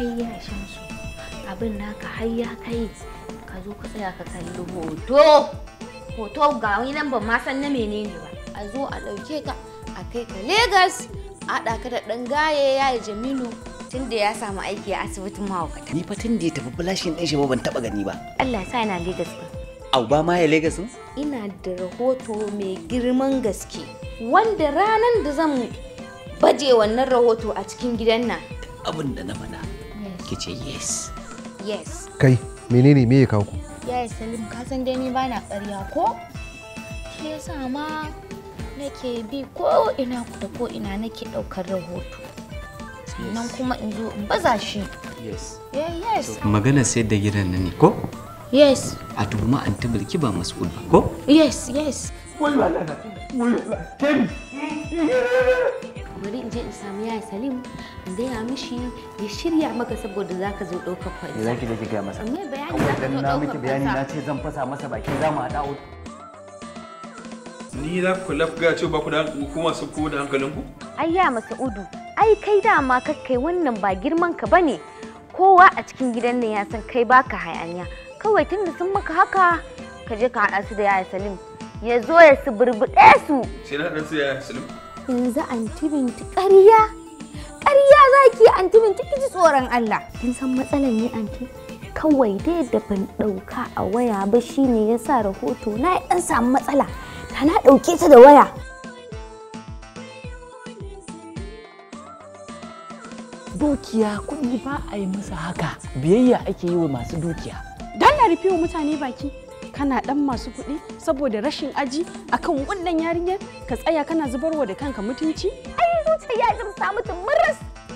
kai yashin su abin naka har ya kai ka zo ka tsaya ka kalli hoto hoto ga wani nan ban ma san na menene ba a zo a ɗauke ka a kai ka Legas a haɗa ka da ɗan gaye ya yi Jamilu tun da ya samu aiki a asibitin mahaukata. Ni fa tun da ya tafi bulashin ɗan shi ban taɓa gani ba. Allah ya sa ina Legas ba. Au ba ma ya Legas ɗin? Ina da rahoto mai girman gaske wanda ranar da zan baje wannan rahoto a cikin gidan nan. Abin da na faɗa. ki ce yes yes kai menene me ya kawo ku yes salim ka san dai ni ba na ƙarya ko Ke yasa ma nake bi ko ina ku da ko ina nake ɗaukar rahoto sannan kuma in zo in baza shi yes yes magana sai da gidan nan ne ko yes a ma an tabbaki ba mas'ul ba ko yes yes wallahi wallahi kai. bari in je in samu yaya salim ya mishi ya shirya maka saboda za ka zo ɗaukar fansa. Me za ki je ki gaya masa? Amma bayani za ka zo ɗaukar fansa? Amma bayani na ce zan fasa masa baki za mu haɗa Ni za ku lafga ce ba ku da hukuma su ko da hankalinku? Ai ya udu. ai kai dama kakkai wannan ba girman ka bane. Kowa a cikin gidan nan ya san kai baka hayaniya. Kawai tun da sun maka haka ka je ka haɗa su da yaya Salim. Ya zo ya su burbuɗe su. Sai na haɗa su da yaya Salim? Yanzu an tibinti ƙarya. ƙarya za ki yi anti min ji tsoron Allah. Kin san matsalar ne anti? Kawai dai da ban ɗauka a waya ba shine ya sa rahoto na ya ɗan samu matsala. Ta na ɗauke ta da waya. Dukiya kuɗi ba a yi masa haka. Biyayya ake yi wa masu dukiya. Don na rufe wa mutane baki. kana ɗan masu kuɗi saboda rashin aji akan wannan yarinyar ka tsaya kana zubarwa da kanka mutunci ai zuciya ya samu